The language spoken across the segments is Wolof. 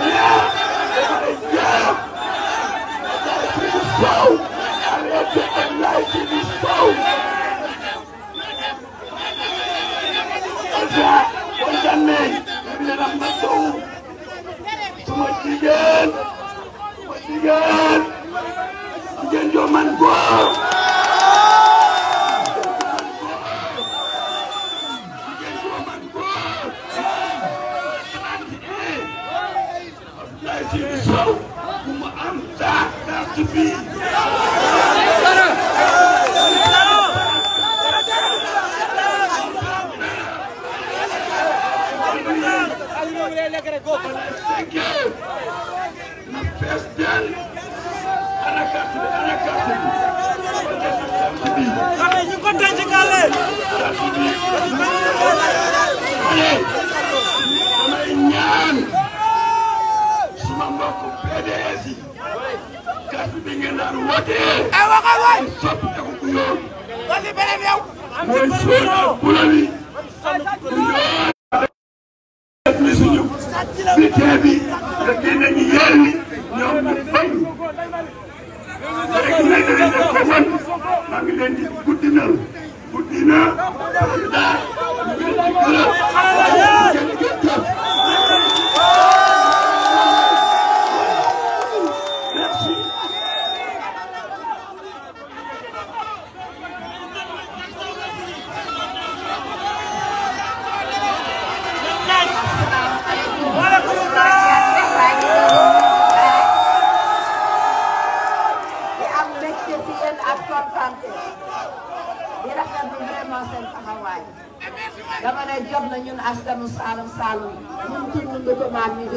Yeah! parti bii. damay ñaan suma mbokk PDS yi ay waxal waay. kon li beneen yow. am ci kuréel maa ngi leen di guddinal guddina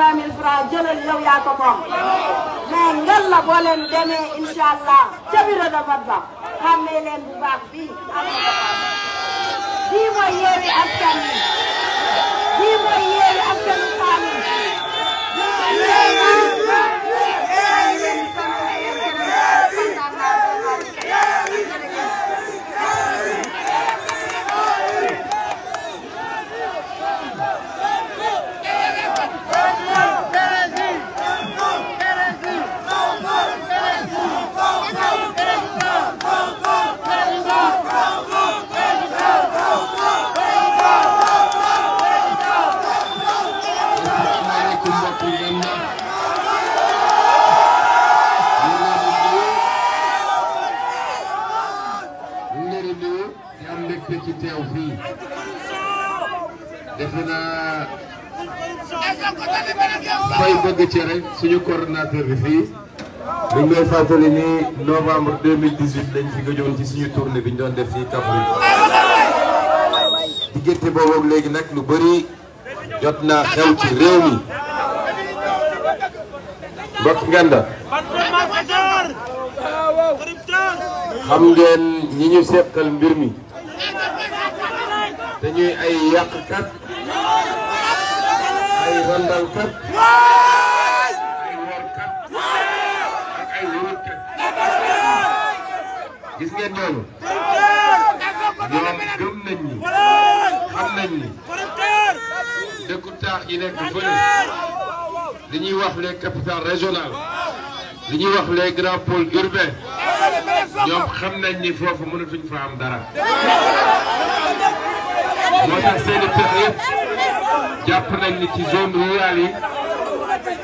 vingt mille francs jëlal yow yaa ko moom mais ngel la boo leen demee incha allah ca bureau de vote ba xàmmee leen bu baax bii am na bii mooy yeewi askan wi bii mooy yeewi askan wi defe naa fay bëgg cere suñu coordonnateur bi fii dañ may fàttali ni novembre 2018 lañ fi gëjoon ci suñu tournée bi ñu doon def fii Kaffrine diggante boobu ak léegi nag lu bari jot naa xew ci réew mi mbokk nganda xam ngeen ñi ñu seqal mbir mi dañuy ay yàqkat ايضا موكب gis ngeen loolu ñoom gëm nañ ñi xam nañ ñi dëkku taax yi nekk fële li ñuy wax les capitales régionales li ñuy wax les grands pôles urbains ñoom xam nañ ni foofu mënatuñ fa am dara moo tax seen i pexe yëpp jàpp nañ ni ci zone rurale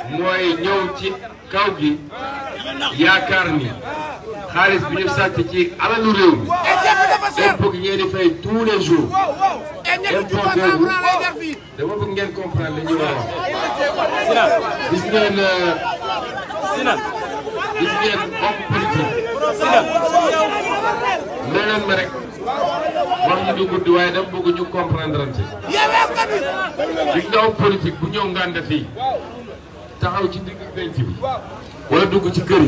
yi mooy ñëw ci kaw gi yaakaar ni xaalis bi ñu sàcc ci alalu é mi impôt gi ngeen di fay tous les jours impôt boobu dama bëgg ngeen comprendre li ñu gis ngeen euh, gis ngeen politique rek wax ñu du guddi waaye dama bëgg ñu comprendre ante di nga politique bu ñëw ngànde fii taxaw ci digg penc bi wala dugg ci kër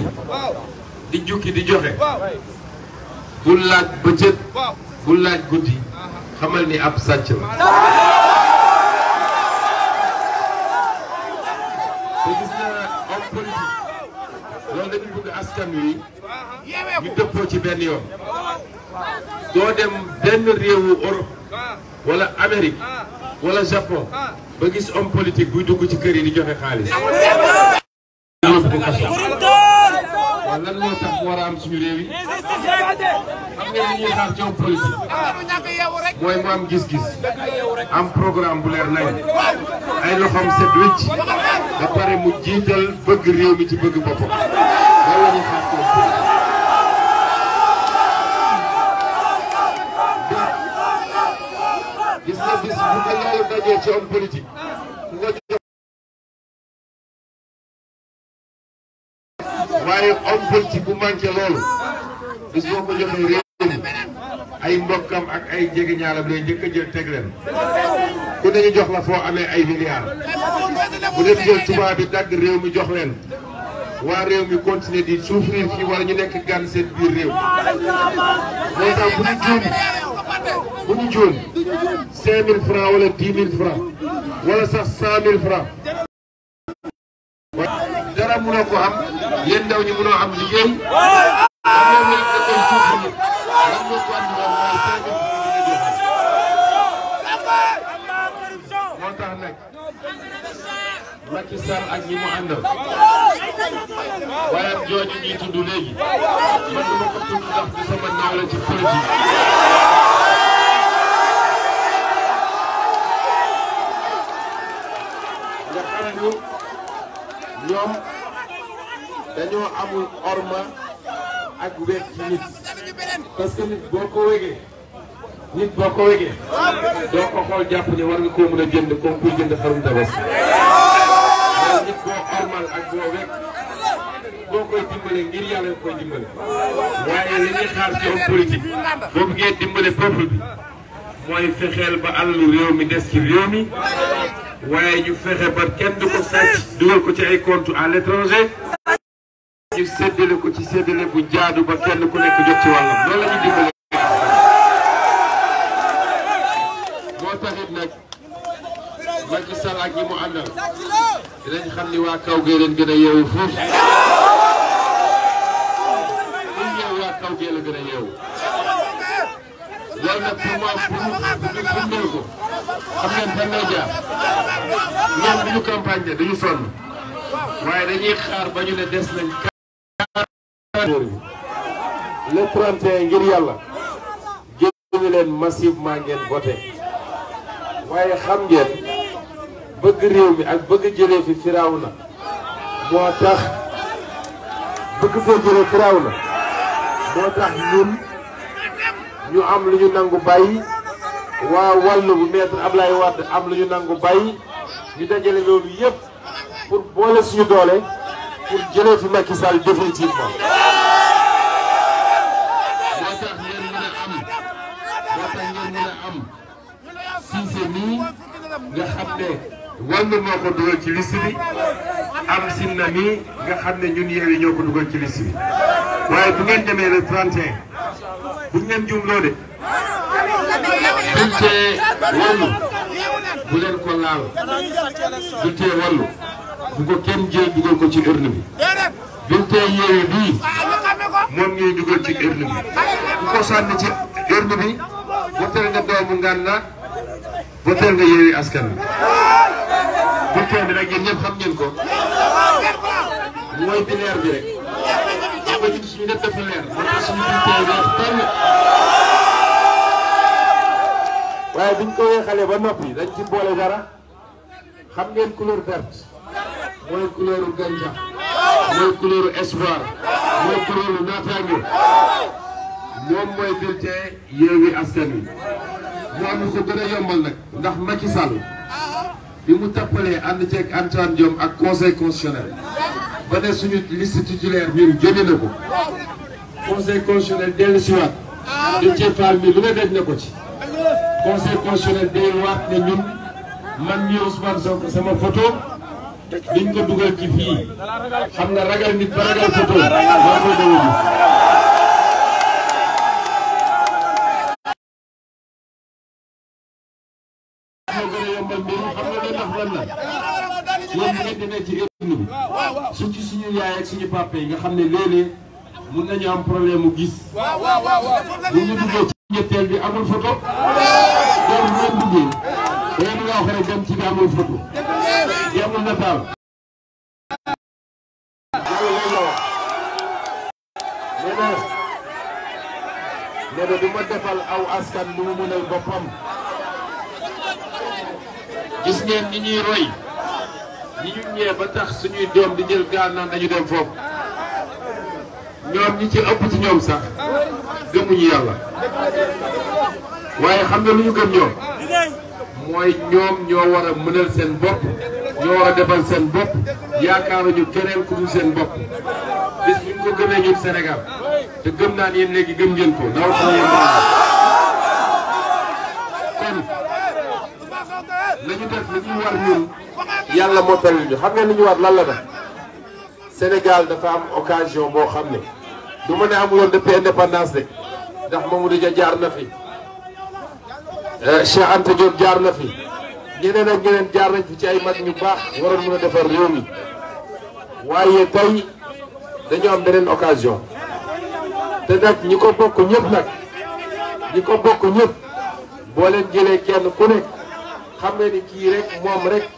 di jukki di joxe bu laaj bëccëg bu laaj guddi xamal ni ab sàcc la lolou dañu bëgg askan wi ñu dëppoo ci benn yoon doo dem benn réewu europe wala amérique wala japon ba gis homme politique buy dugg ci kër yi di joxe xaalis lan moo tax war a am suñu réew yi xam ngeen ñuy xaar ci homme politique mooy mu am gis-gis am programme bu leer nañ ay loxoam set wecc ba pare mu jiital bëgg réew mi ci bëgg boppam jógee ci homme politique nga jox waaye homme politique bu manqué loolu bis boo ko joxee réew mi ay mbokkam ak ay jege ñaaram lay njëkk jël teg leen ku ne ñu jox la foo amee ay milliards bu def jël tubaab bi dagg réew mi jox leen waa réew mi continuer di souffrir fii wala ñu nekk gan seen biir réew moo tax bu ñu bu ñu jóon cinq wala dix mille wala sax cent mille francs dara mënoo ko am yéen ndaw ñi mënoo am liggéey moo tax nag Macky Sall ak ñi mu àndal waaye ak jooju ñuy tudd léegi man dama ko tudd ndax du sama naaw la ci politique ñoom dañoo amul orma ak wér ci nit parce nit boo ko wégee nit boo ko wégee doo ko xool jàpp ni war nga koo mën a jënd comme kuy jënd xarum tabaski nit boo ormal ak boo wég boo koy dimbale ngir yàlla koy dimbale waaye li ñuy xaar ci homme boo bëggee dimbale peuple bi mooy fexeel ba alalu réew mi des ci réew waaye ñu fexe ba kenn du ko sàcc dugal ko ci ay compte à l'étranger ñu séddale ko ci séddale bu jaadu ba kenn ku nekk jot ci wàllam loolu la moo taxit nag Macky Sall ak mu àndal dinañ xam ni waa kaw gi gën a yeewu fuuf loolu nag pour ma pour ñu dañu sonn waaye dañuy xaar ba ñu ne des nañ ngir yàlla génn leen massivement ngeen voté waaye xam ngeen bëgg réew mi ak bëgg jëlee fi firaaw na moo tax bëgg fee jëlee firaaw na moo tax ñun ñu am lu ñu nangu bàyyi waa wàllu bu am Ablaye Wade am lu ñu nangu bàyyi ñu dajale loolu yëpp pour boole suñu doole pour jëlee fi Macky Sall définitivement. moo tax ngeen mën a am moo tax ngeen mën a nga xam ne wàllu moo ko dugal ci liste bi am Sinna mii nga xam ne ñun yi ñoo ko dugal ci liste bi waaye bu ngeen demee le 31. bu ñu leen juumloo de du bu leen ko laal du tee wallu bu ko kenn jël dugal ko ci urne bi du tee yeewi moom ñuy dugal ci urne bi bu ko sànni ci urne bi woteel nga doomu Nganda woteel nga yeewi askan bi du tee bi nag yéen ñëpp xam ngeen ko mooy binaire bi rek suñu def dafa leer moo tax suñu teew leer tànn waaye biñ ko weexalee ba noppi dañ ci boole dara xam ngeen couleur verte mooy couleur gàncax mooy couleur espoir mooy couleur naataange moom mooy bulletin Yewwi Askan Wi mu am lu ko gën a yombal nag ndax Macky Sall bi mu tappalee ànd ceeg Antoine Diome ak conseil constitutionnel ba ne suñu liste titulaire ñun génne na ko conseil constitutionnel dellu si waat di ceefaar mi lu ne daj na ko ci conseil constitutionnel delluwaat ne ñun man mii Ousmane Sonko sama photo biñ ko dugal ci fii xam nga ragal nit ba ragal photo maa ko dawudi dund yi nga xam ne am problème mu gis bu ñu duggee ci du ma defal aw askan lu mu mënal boppam gis ngeen ni ñuy roy ñi ñu ñee ba tax suñuy doom di jël gaal naan dañu dem foofu ñoom ñi ci ëpp ci ñoom sax gëmuñu yàlla waaye xam nga lu ñu gëm ñoom mooy ñoom ñoo war a mënal seen bopp ñoo war a defal seen bopp yaakaaruñu keneen ku dul seen bopp bis bu ñu ko gëmee ñun Sénégal te gëm naa yéen léegi gëm ngeen ko ndaw xam ngeen kon nañu def li ñu war ñun yàlla mottal ñu xam nga li ñu war lan la def Sénégal dafa am occasion boo xam ne du ma ne amuloon depuis indépendance de ndax Mamadou Dia jaar na fi Cheikh Anta Diop jaar na fi ñeneen ak ñeneen jaar nañ fi ci ay mag ñu baax waroon mën a defar réew mi waaye tey dañu am beneen occasion te nag ñi ko bokk ñëpp nag ñi ko bokk ñëpp boo leen jëlee kenn ku nekk xam nga ni kii rek moom rek.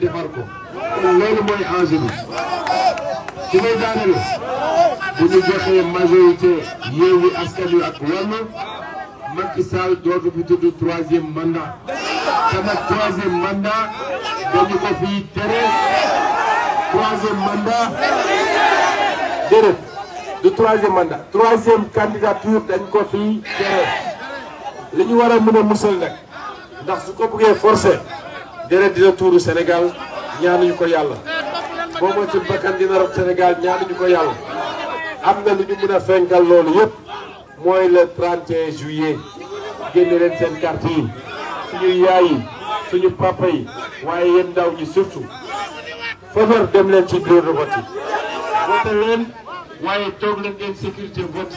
defar ko kon loolu mooy enjeu bi ci may daanele bu ñu joxee majorité Yewwi Askan Wi ak Wallu Macky Sall dootu fi tudd troisième mandat te nag troisième mandat dañu mandat déedéet du troisième mandat ko fi tere li ñu war a mën a musal ko bëggee forcer deret dina tuuru Sénégal ñaanuñu ko yàlla boo moytuwul bakkan dina rob Sénégal ñaanuñu ko yàlla am na lu ñu mën fenkal loolu yëpp mooy le 31 juillet génne leen seen carte yi suñu yaay yi suñu papa yi waaye yéen daw ñi surtout faveur dem leen ci bureau de yi vote leen waaye toog leen ngeen sécurité vote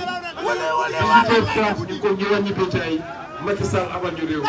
yi 18h30 ñu ko ñu wàññi bulletin yi Macky Sall amal ñu réew mi.